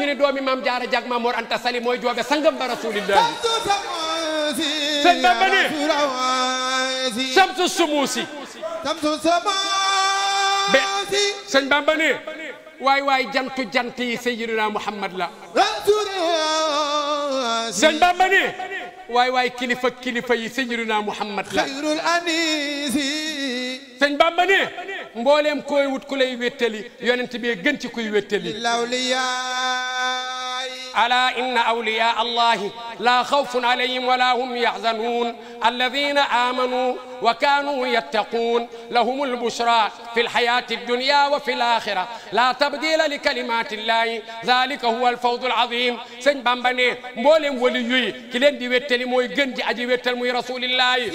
ñu ne doomi maam jaara jag maam Mor Anta Sali Bamba ne waay waay jantu jant yi sayyidina Muhammad la sëñ Bamba ne waay waay kilifa kilifa yi sayyidina Muhammad la sëñ ku lay wéttali yonent bi ألا إن أولياء الله لا خوف عليهم ولا هم يحزنون الذين آمنوا وكانوا يتقون لهم البشرى في الحياة الدنيا وفي الآخرة لا تبديل لكلمات الله ذلك هو الفوز العظيم سن بامباني مولم وليوي كلين دي ويتلي موي گنجي اجي ويتل موي رسول الله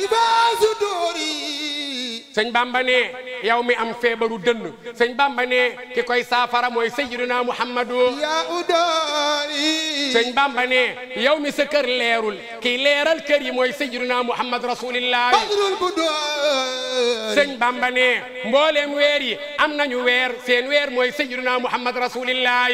سن بامباني yow mi am feebaru dënn sëñ Bamba ne ki koy saafara mooy sayyidina Muhammadu yaa udaari sëñ Bamba ne yow mi sa kër leerul ki leeral kër yi mooy sayyidina Muhammad rasulillah badrul budaari sëñ Bamba ne mbooleem weer yi am nañu weer seen weer mooy sayyidina Muhammad rasulillah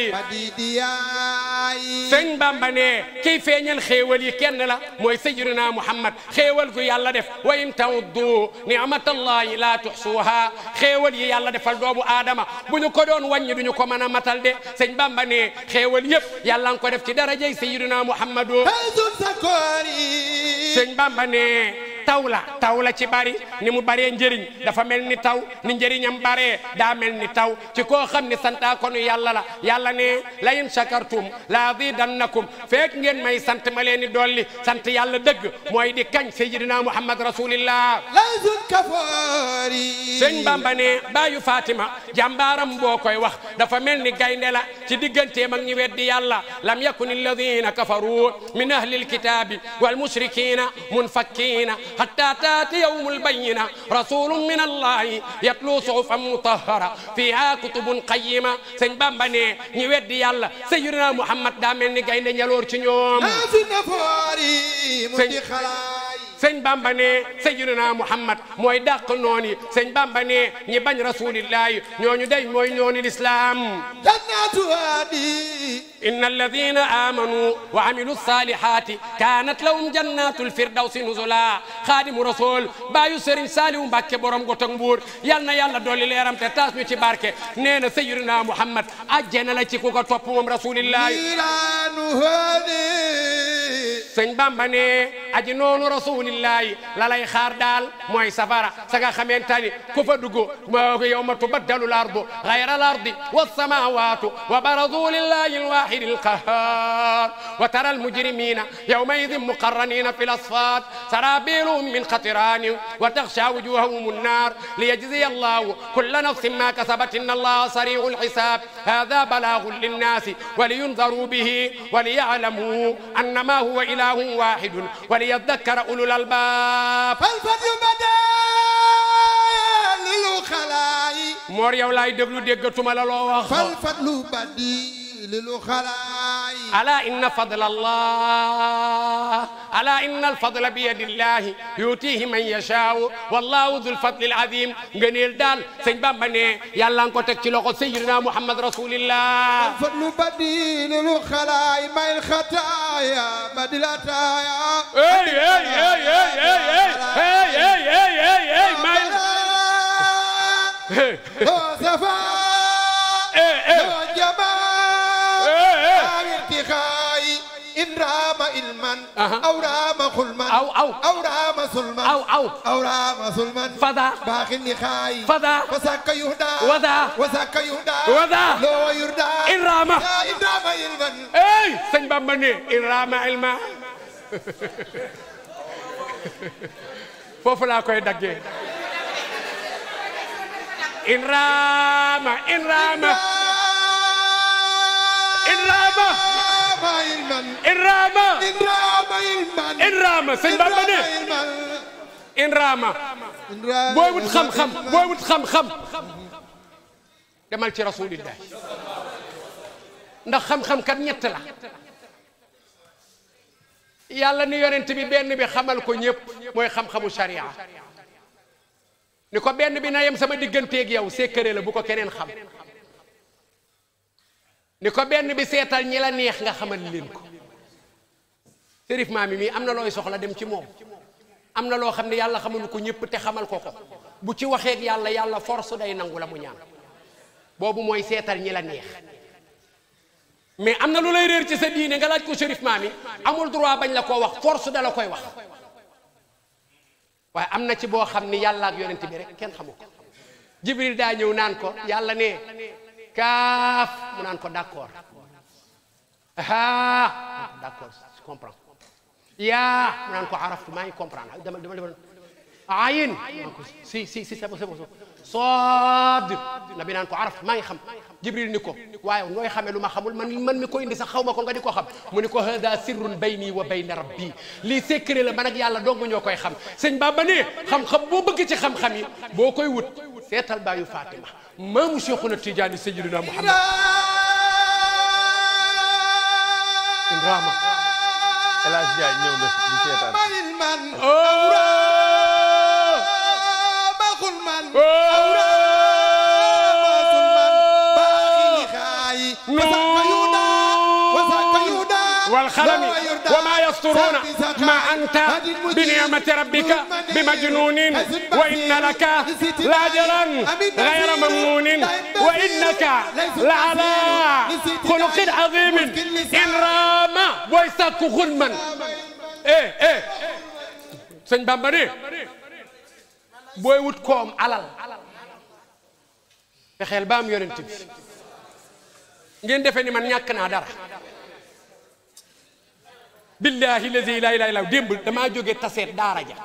sëñ Bamba ne kiy feeñal xéewal yi kenn la mooy sayyidina Muhammad xéewal gu yàlla def wa in tawuddu ni'matallahi la tuhsuha xéewal yi yàlla defal doomu aadama bu ñu ko doon wàññi du ñu ko mën a matal de sëñ Bamba ne xéewal yëpp yàlla nga ko def ci darajay sayyidina Muhammadu sëñ Bamba ne taw la taw la ci bari ni mu baree njëriñ dafa mel ni taw ni njëriñam baree daa mel ni taw ci koo xam ne santaa yàlla la yàlla ne la in shakartum la azidannakum fekk ngeen may sant ma leen di dolli sant yàlla dëgg mooy di kañ sayyidina muhammad rasulillah lazul kafari sëñ bamba ne baayu fatima jàmbaaram boo koy wax dafa mel ni gaynde la ci digganteem ak ñi weddi yàlla lam yakun alladina kafaru min ahli alkitabi wal mushrikina munfakkina حتى تاتي يوم البينة رسول من الله يتلو صحفا مطهرة فيها كتب قيمة sëñ Bamba ne ñi weddi yàlla Seydina Muhammad daa mel ni gaynde ñaloor ci ñoom sëñ bamba ne sayyidina muhammad mooy dàq noon yi sëñ bamba ne ñi bañ rasulillahi ñooñu day mooy nooni lislaam jannatu haadi inna alladina amanu wa amilu salihati kanat lahum jannatu lfirdawsi nuzula xaadimu rasul baayu sëriñ saaliwu mbàkke borom gotak mbuur yal na yàlla dolli leeram te taas ñu ci barke nee na sayyidina muhammad ajjana la ci ku ko topp moom rasulillahi sëñ bamba ne aji noonu rasulillahi la lay xaar daal mooy safara sa nga xamante ni ku fa dugg ma yawma tubaddalu l ardu gayra l ardi wassamawatu wa barazu lillahi alwahidi alqahar wa tara almujrimina yawmaidin muqarranina fi lasfat sarabiluhum min xatiranin wa taxsha wujuhahum annar liyajziya allahu kulla nafsin ma kasabat inna allaha sariu alxisab hada balagun linnaasi wa liyundaru bihi wa liyalamu annama huwa إله واحد وليذكر أولو الألباب moor yow laay déglu déggatuma la loo wax. fal fadlu badi lilu xalaay ألا إن فضل الله ألا إن الفضل بيد الله يؤتيه من يشاء والله ذو الفضل العظيم ngëneel daal sëñ Bamba ne yàlla nga ko teg ci loxo Seydina Muhammad Rasulillah fadlu badilul xalaay mayl xataaya badilataaya رام علما أو رام خلما أو أو أو رام سلما أو أو أو رام سلما فدا باقي النخاي فدا وساك يهدى ودا وساك يهدى ودا لو يردى إن رام إن رام علما أي سن بامبني إن رام علما foofu laa koy daggee in raama in raama inraama inraama sëñ Bamba ne inraama booy wut xam-xam booy wut xam-xam ci rasulillah ndax xam-xam kat ñett la yàlla ni yonent bi benn bi xamal ko ñëpp mooy xam-xamu sharia ni ko benn bi na yem sama digganteeg yow secret la bu ko keneen xam ni ko benn bi seetal ñi la neex nga xamal leen ko sérif maam mii am na looy soxla dem ci moom am na loo xam ne yàlla xamul ko ñëpp te xamal ko ko bu ci waxee ak yàlla yàlla force day nangu la mu ñaan boobu mooy seetal ñi la neex mais am na lu lay réer ci sa diine nga laaj ko sérif maam yi amul droit bañ la koo wax force dala koy wax waaye am na ci boo xam ni yàlla ak yonent bi rek kenn xamu ko jibril daa ñëw naan ko yàlla ne kaaf mu naan ko d'accord haa d'accord je comprends yaa mu naan ko maa ngi comprendre dama dama dama ayin si si si c'est bon c'est bon na bi naan ko araftu maa ngi xam jibril ni ko waaye nooy xamee lu ma xamul man man mi ko indi sax xaw ma ko nga di ko xam mu ni ko hada sirrun bayni wa bayna rabbi lii secret la man ak yàlla dong ñoo koy xam sëñ Bamba ne xam-xam boo bëgg ci xam-xam boo koy wut seetal baayu Fatima maamu Cheikhuna Tidiane Sayyidina Muhammad Ibrahima El Hadj Ndiaye ñëw na di seetaan oh. oh. wal xalami يسترون ما أنت بنعمة ربك بمجنون وإن لك لاجرا غير ممنون وإنك لعلى خلق عظيم إن رام ويساك خدما eh eh sëñ Bamba ne booy wut koom alal fexeel ba am yonent bi ngeen defee ni man ñàkk naa dara billaahi lazi laa ilaaha illallaah démb damaa jóge taseet daara ja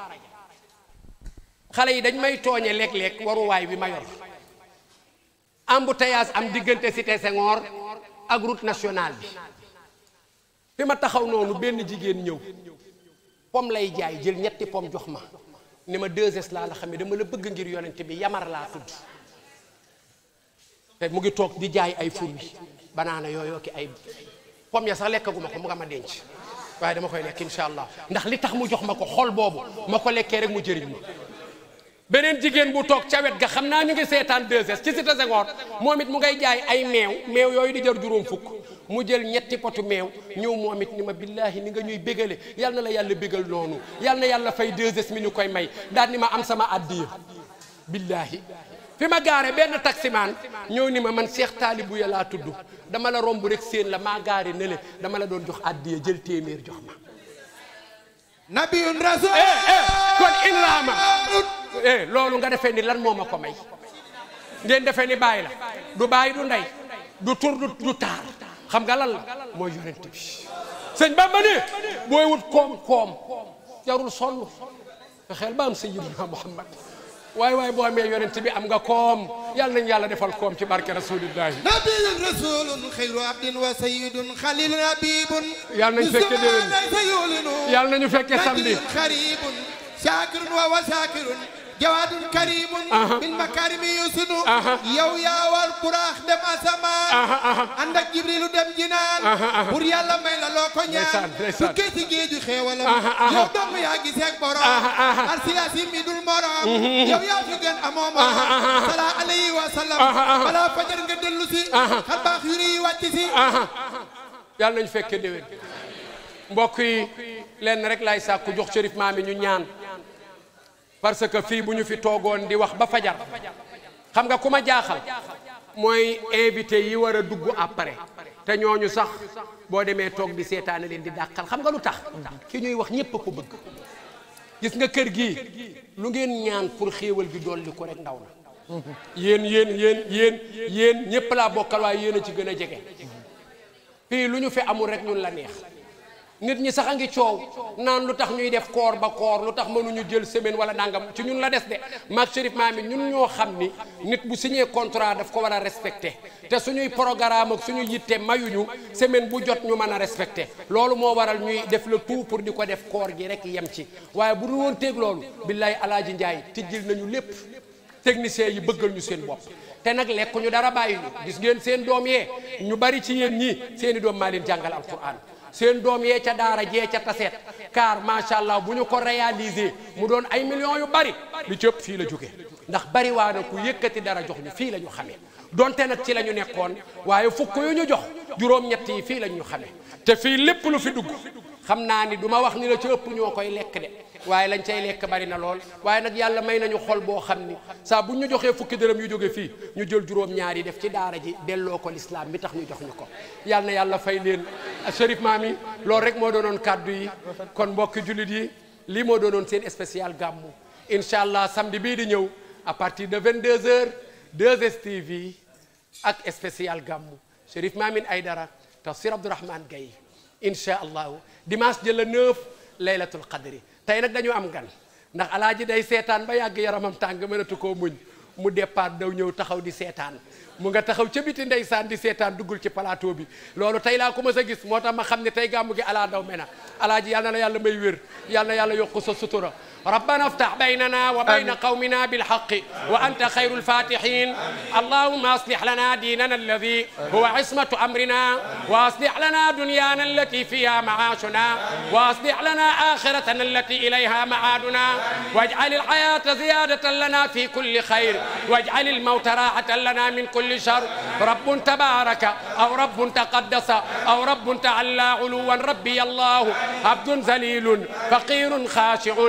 xale yi dañ may tooñe léeg-léeg waruwaay bi ma yor embouteillage am diggante cité Senghor ak route nationale bi fi ma taxaw noonu benn jigéen ñëw pom lay jaay jël ñetti pom jox ma ni ma 2 laa la xam ni dama la bëgg ngir yonent bi yamar laa tudd te mu ngi toog di jaay ay fruits banaana yooyu ki ay pom ya sax lekkaguma ko mu nga ma denc waaye dama koy lekk incha allah ndax li tax mu jox ma ko xol boobu ma ko lekkee rek mu jëriñ ma beneen jigéen bu toog ca wet ga xam naa ñu ngi seetaan 2S ci Cité Senghor moom it mu ngay jaay ay meew meew yooyu di jar juróom fukk mu jël ñetti potu meew ñëw moom it ni ma billaahi ni nga ñuy bégale yal na la yàlla bégal noonu yal yàlla fay 2S mi ñu koy may daal ni ma am sama addiya billaahi fi ma gaare benn taximaan ñëw ni ma man Cheikh Talibou ya laa tudd dama la romb rek séen la maa gaare nele dama la doon jox addiya jël téeméer jox ma nabiyun rasul eh, eh, kon illaama eh, loolu nga defee ni lan moo ma ko may ngeen defee ni bàyyi la du bàyyi du ndey du tur du taar xam nga lan la mooy yonent bi sëñ Bamba ne wut koom koom jarul sonn fexeel ba am sayyidina Muhammad waay waay boo amee yonent bi am nga koom yàlla nañu yàlla defal koom ci barke rasulillahi nabiyun rasulun xayru abdin wa sayyidun xalilun habibun yàlla nañu fekke déwén yàlla nañu fekke samedi xaribun shakirun wa wa shakirun jawaadun karimun min makarimi yusunu yow yaa war buraax dem asamaan ànd ak dem jinaan pour yàlla may la loo ko ñaan su keesi géeju xeewalam yow yaa giseeg borom arsiyaasi mi dul morom mhm. yow yaa fi gën amoo morom sala alayhi wa sallam balaa fajar nga dellu si xar yu ni wàcc si yàlla nañ fekke déwén mbokk yi lenn rek laay sàkku jox Cherif Maami ñu ñaan parce que fii bu ñu fi toogoon di wax ba fajar xam nga ku ma jaaxal mooy invité yi war a dugg après te ñooñu sax boo demee toog di seetaane leen di dàqal xam nga lu tax ki ñuy wax ñépp a ko bëgg gis nga kër gi lu ngeen ñaan pour xéewal ji dolli ko rek ndaw na yéen yéen yéen yéen yéen ñépp laa bokkal waaye yéen a ci gën a jege fii lu ñu fi amul rek ñun la neex nit ñi sax a ngi coow naan lu tax ñuy def koor ba koor lu tax mënuñu jël semaine wala nangam ci ñun la des de maag Chérif Maami ñun ñoo xam ni nit bu signé contrat daf ko war a respecté te suñuy programme ak suñu yitte mayuñu semaine bu jot ñu mën a respecté loolu moo waral ñuy def le tout pour di ko def koor gi rek yem ci waaye bu dul woon teeg loolu billaay alaaji Njaay tijjil nañu lépp techniciens yi bëggal ñu seen bopp te nag lekk ñu dara bàyyi ñu gis ngeen seen doom yee ñu bari ci yéen ñii seen i doom maa leen jàngal alquran seen doom yee ca daara jee ca taseet car macha allah bu ñu ko réaliser mu doon ay millions yu bari li cëpp fii la jóge ndax bari waa na ku yëkkati dara jox ñu fii la ñu xamee donte nag ci la ñu nekkoon waaye fukk yu ñu jox juróom-ñett yi fii la ñu xamee te fii lépp lu fi dugg xam naa ni du ma wax ni la ci ëpp ñoo koy lekk de waaye lañ cay lekk bari na lool waaye nag yàlla may nañu xol boo xam ni saa bu ñu joxee fukki dërëm yu jóge fii ñu jël juróom ñaar yi def ci daara ji delloo ko lislaam bi tax ñu jox ñu ko yal na yàlla fay leen Chérif Maami loolu rek moo doonoon kàddu yi kon mbokki jullit yi lii moo doonoon seen spécial gàmmu incha allah samedi bii di ñëw à partir de vingt 22h 2STV ak spécial gàmmu Chérif Maamine Aydara Tafsir Abdourahmane Gaye incha allahu dimanche jël la 9 laylatul qadri tey nag dañu am gan ndax alaaji day seetaan ba yàgg yaramam tàng mënatu koo muñ mu deppaat daw ñëw taxaw di seetaan mu nga taxaw ca biti ndeysaan di seetaan duggul ci palaato bi loolu tey laa ko mës a gis moo tax ma xam ne tey gàmmu gi alaa daw mena alaaji yal na yàlla may wér yàlla yàlla yokk sa sutura ربنا افتح بيننا وبين قومنا بالحق وأنت خير الفاتحين اللهم أصلح لنا ديننا الذي هو عصمة أمرنا وأصلح لنا دنيانا التي فيها معاشنا وأصلح لنا آخرتنا التي إليها معادنا واجعل الحياة زيادة لنا في كل خير واجعل الموت راحة لنا من كل شر رب تبارك أو رب تقدس أو رب تعلى علوا ربي الله عبد ذليل فقير خاشع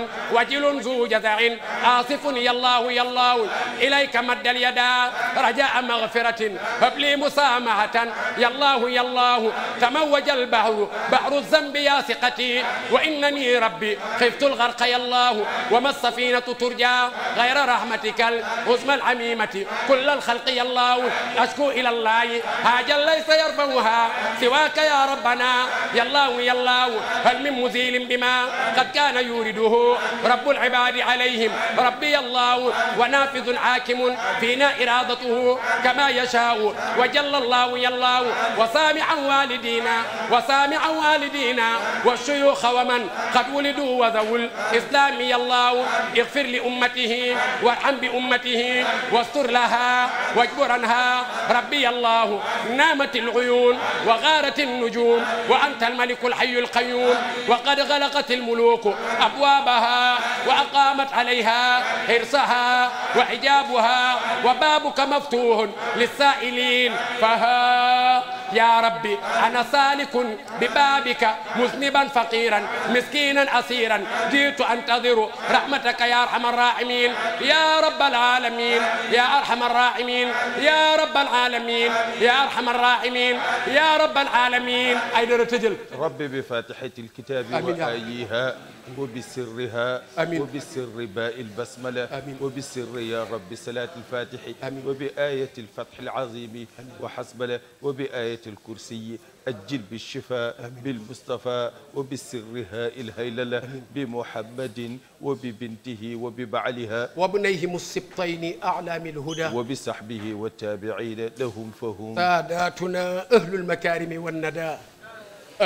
عاجل ذو جزع آصف يا الله يا الله إليك مد اليدا رجاء مغفرة هب لي مسامحة يا الله يا الله تموج البحر بحر الذنب يا ثقتي وإنني ربي خفت الغرق يا الله وما السفينة ترجى غير رحمتك العظمى العميمة كل الخلق يا الله أشكو إلى الله حاجة ليس يرفعها سواك يا ربنا يا الله يا الله هل من مزيل بما قد كان يورده رب العباد عليهم ربي الله ونافذ حاكم فينا إرادته كما يشاء وجل الله يالله وسامعا والدينا وسامعا والدينا والشيوخ ومن قد ولدوا وذووا الإسلام يالله اغفر لأمته وارحم بأمته واستر لها واجبر عنها ربي الله نامت العيون وغارت النجوم وأنت الملك الحي القيوم وقد غلقت الملوك أبوابها وأقامت عليها حرصها وحجابها وبابك مفتوح للسائلين فها يا ربي أنا سالك ببابك مذنبا فقيرا مسكينا أسيرا جئت أنتظر رحمتك يا أرحم الراحمين يا رب العالمين يا أرحم الراحمين يا رب العالمين يا أرحم الراحمين يا رب العالمين أين تجل ربي بفاتحة الكتاب وآيها وبسرها آمين. وبسر باء البسملة آمين. وبسر يا رب صلاة الفاتح آمين. وبآية الفتح العظيم وحسبلة وبآية آية الكرسي أجل بالشفاء بالمصطفى وبسرها الهيللة بمحمد وببنته وببعلها وابنيهم السبطين أعلام الهدى وبصحبه والتابعين لهم فهم ساداتنا أهل المكارم والندى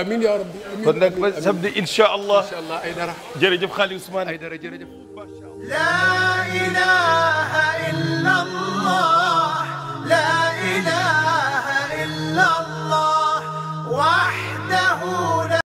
amiin yaa rabbi amiin kon nag ba samedi incha allah incha allah ay dara jërëjëf Xaali Ousmane ay dara jërëjëf. laa ilaaha illa allah laa ilaaha illa allah. Allah